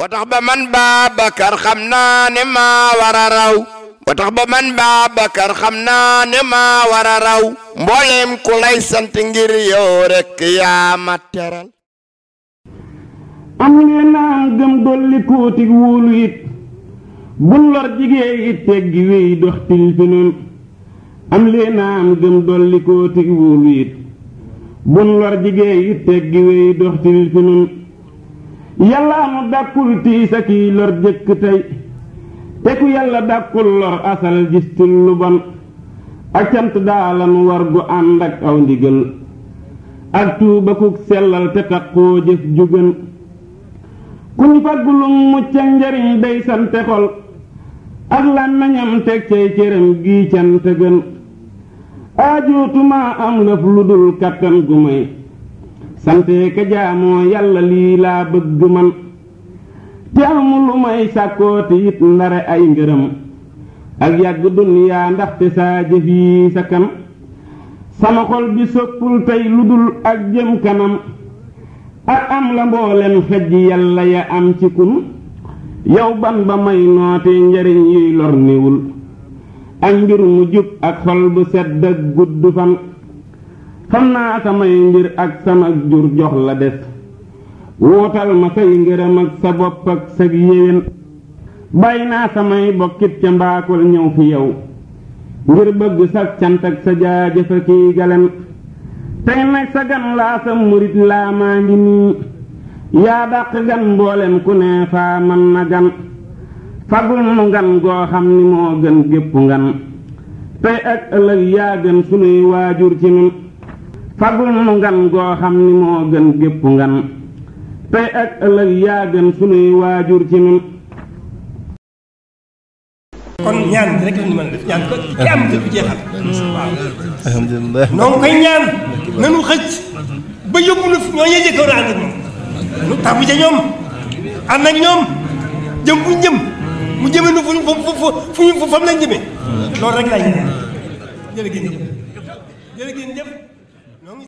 ba tax ba man Babacar xam naa ne maa war raw ba tax ba man Babacar xam naa ne maa war a raw mbooleem ku lay sant ngir yow rek yaa ma teral am ngeen naa gëm dolli kóotig wóolu it bul lor jigéen teggi wéy dox til am leen naa am gëm dolli kóotig wóolu it bul lor jigéen teggi wéy dox til yàllaa nu dàkkul tiis ak i lor jëkk tey te ku yàlla dàkkul lor asal gistul lu bon ak cant daalanu war gu ànd ak aw ndigal ak tuubakuk sellal te takkoo jëf jugan ku ñu faggulum mucc ak njariñ day sante xol ak làmmiñam teg cay cëram gii cant gën aajuutuma am lëf lu dul kàttan gu may sante ka yàlla lii laa bëgg man te amul lu may sàkkooti it ndare ay ngërëm ak yàgg duniyaa ndaxte saa jëf yi sa kan sama xol bi soppul tey lu dul ak jëm kanam ak am la mboolem xejj yàlla ya am ci kun yow ban ba may noote njariñ yuy lor niwul ak mbir mu jub ak xol bu sedd ak gudd fan xam naa samay mbir ak sama jur jox la des wuutal ma say ngërëm ak sa bopp ak sa yéwén bàyyi naa samay bokkit ca mbaakul ñëw fi yow ngir bëgg sa cant ak sa jaajëf fa kiy galen tey nag sa gan laa sa murit laa maa ngi nii yaa dàq gan mboolem ku ne faa mën na gan fagul nu ngan goo xam ni moo gën gépp ngan tey ak ëllëg yaa gën sunuy waajur ci nun fagul nu ngan goo xam ni moo gën gépp ngan tey ak ëllëg yaa gën sunuy waajur ci nun kon ñaan rek la ñu mën a ñaan nanu xëcc ba yóbbu na ñoo ñee jëkk a ànd ak nu tàbbu ca ñoom ànd ak ñoom jëm fu jëm mu jëme nu fu ñu fu ñu fu fam